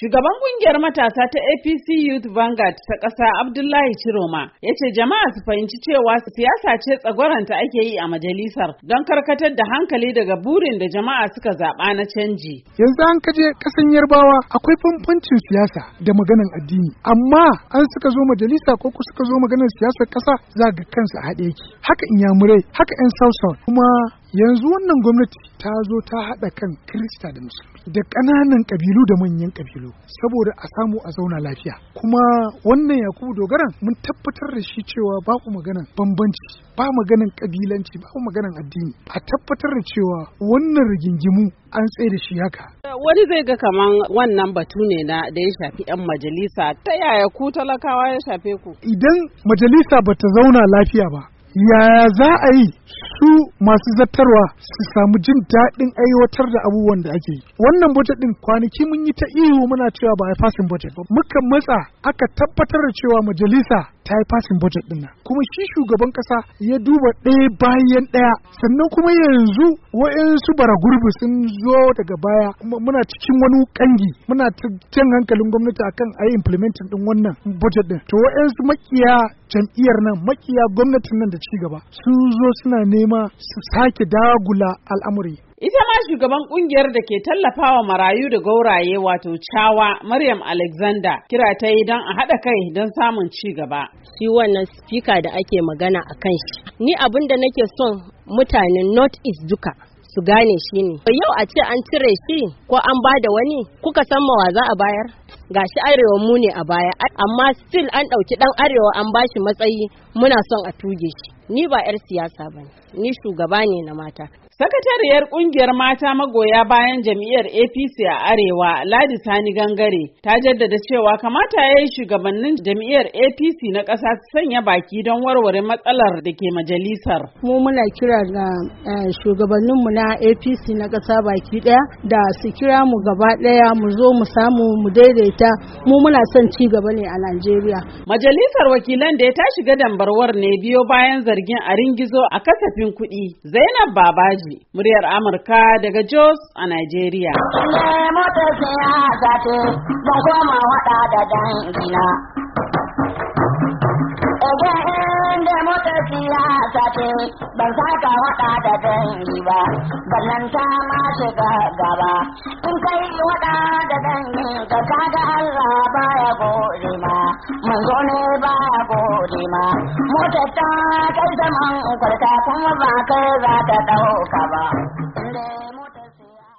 Shugaban kungiyar matasa ta APC Youth Vanguard ta ƙasa Abdullahi Ciroma ya ce jama'a su fahimci cewa siyasa ce tsagwaranta ake yi a majalisar don karkatar da hankali daga burin da jama'a suka zaɓa na canji. Yanzu an kaje ƙasan Yarbawa akwai fanfancin siyasa da maganan addini amma an suka zo majalisa ko ku suka zo maganar siyasar ƙasa za ga kansu a haɗe ki. Haka inyamurai haka 'yan South kuma yanzu wannan gwamnati ta zo ta haɗa kan kirista da musulmi da ƙananan ƙabilu da manyan ƙabilu saboda a samu a zauna lafiya kuma wannan yakubu dogaran mun tabbatar da shi cewa ba ku maganan bambanci ba maganan ƙabilanci ku maganan addini a tabbatar da cewa wannan rigingimu an tsaye da shi haka wani zai ga kaman wannan batu ne na da ya shafi 'yan majalisa ta yaya ku talakawa ya shafe ku idan majalisa bata zauna lafiya ba yaya za a yi su masu zartarwa su samu jin daɗin aiwatar da abubuwan da ake yi wannan budget ɗin kwanaki mun yi ta ihu muna cewa ba a fasin budget ba muka matsa aka tabbatar da cewa majalisa ta yi fasin budget din nan kuma shi shugaban kasa ya duba ɗaya bayan ɗaya sannan kuma yanzu wayansu bara gurbi sun zo daga baya kuma muna cikin wani kangi muna jan hankalin gwamnati akan a yi implementing din wannan budget din to wayansu makiya jam'iyyar nan makiya gwamnatin nan da ci gaba sun zo suna nema su sake dagula al'amuri Ita ma shugaban kungiyar da ke tallafawa marayu da gauraye wato cawa Maryam Alexander kira ta yi don a haɗa kai don samun ci gaba. Shi wannan spika da ake magana a kan shi. Ni abin da nake son mutanen North East duka su gane shi ne. Yau a ce an cire shi ko an ba da wani kuka san mawa za a bayar? shi arewa mu ne a baya amma still an ɗauki ɗan arewa an ba shi matsayi muna son a tuge shi. Ni ba 'yar siyasa ba ni shugaba ne na mata. Sakatariyar kungiyar mata magoya bayan jam'iyyar APC a Arewa, Ladi Sani Gangare, ta jaddada cewa kamata ya yi shugabannin jam'iyyar APC na ƙasa su sanya baki don warware matsalar da ke majalisar. Mu muna kira ga eh, shugabanninmu na APC na ƙasa baki ɗaya da su kira mu gaba ɗaya mu zo mu samu mu daidaita mu muna son ci gaba ne a Najeriya. Majalisar wakilan da ya ta shiga dambarwar ne biyo bayan zargin a ringizo a kasafin kuɗi. Zainab Babaji Baballe, muryar Amurka daga Jos a Najeriya. ban saka da dangi ba, ballan ta ma shiga gaba. In kai waɗa da dangi ka Allah baya gode ma, ne baya gode ma. Mota ta kai zaman kwarta kuma ba kai za ta